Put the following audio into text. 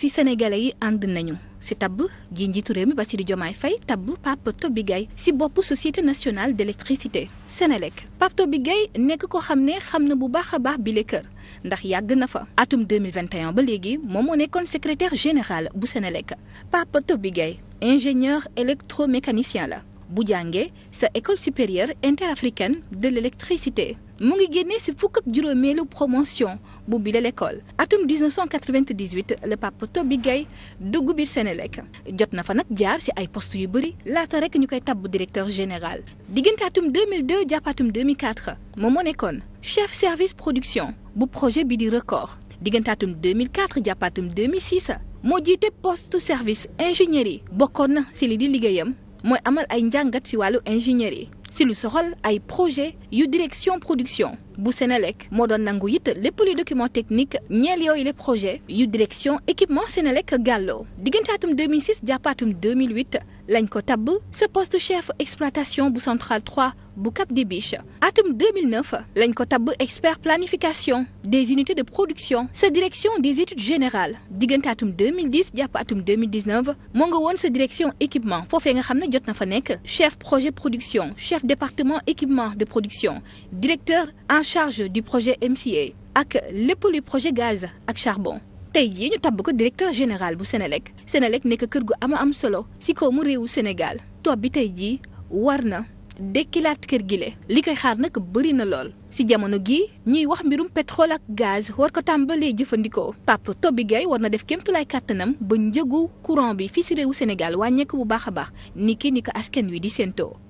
si sénégalais yi ànd nañu si tabb gi njiitu réew mi Bassirou Diomaye Faye tabb Pape Toby tobigay si bopp société nationale d'électricité Sénélec Pape Toby Gaye nekk ko xam ne xam na bu baax a baax bile kër ndax yàgg na fa atum 2021 ba léegi moom moo nekkoon secrétaire général bu Sénélec Pape Toby Gaye ingénieur électromécanicien la bu jàngee sa école supérieure interafricaine de l'électricité mu ngi génne ci fukk ak juróomeelu promotion bu bile l'école atum 1998 la Papa Toby Gaye dugg biir Senelec jot na fa nag jaar ci ay poste yu bëri laata rek ñu koy tabb directeur général diggante atum 2002 jàpp atum 2004 moom moo nekkoon chef service production bu projet bi di record diggante atum 2004 jàpp atum 2006 moo jiite poste service ingénierie bokkoon na ci li di liggéeyam mooy amal ay njàngat ci wàllu ingénieur yi ci lu soxal ay projet yu direction production bu Sénélec moo doon nangu it lépp luy document technique ñeel yooyu les projets yu direction équipement Sénélec Gallo diggante atum 2006 jàpp atum 2008 lañ ko tabb sa poste chef exploitation bu centrale 3 bu Cap des Biches atum 2009 lañ ko tabb expert planification des unités de production sa direction des études générales diggante atum 2010 jàpp atum 2019 moo nga woon sa direction équipement foofee nga xam ne jot na fa nekk chef projet production chef département équipement de production directeur charge du projet MCA ak lépp luy projet gaz ak charbon tey jii ñu tabb ko directeur général bu Sénélec Sénélec nekk kër gu ama am solo si kaw mu réewu Sénégal toog bi tey jii war na dekkilaat kër gi le li koy xaar nag bëri na lool si jamono gi ñuy wax mbirum pétrole ak gaz war ko tàmbalee jëfandikoo Pape Toby Gaye war na def lay kàttanam ba njëgu courant bi fii si réewu Sénégal wàññeeku bu baax a baax niki ni ko askan wi di séentoo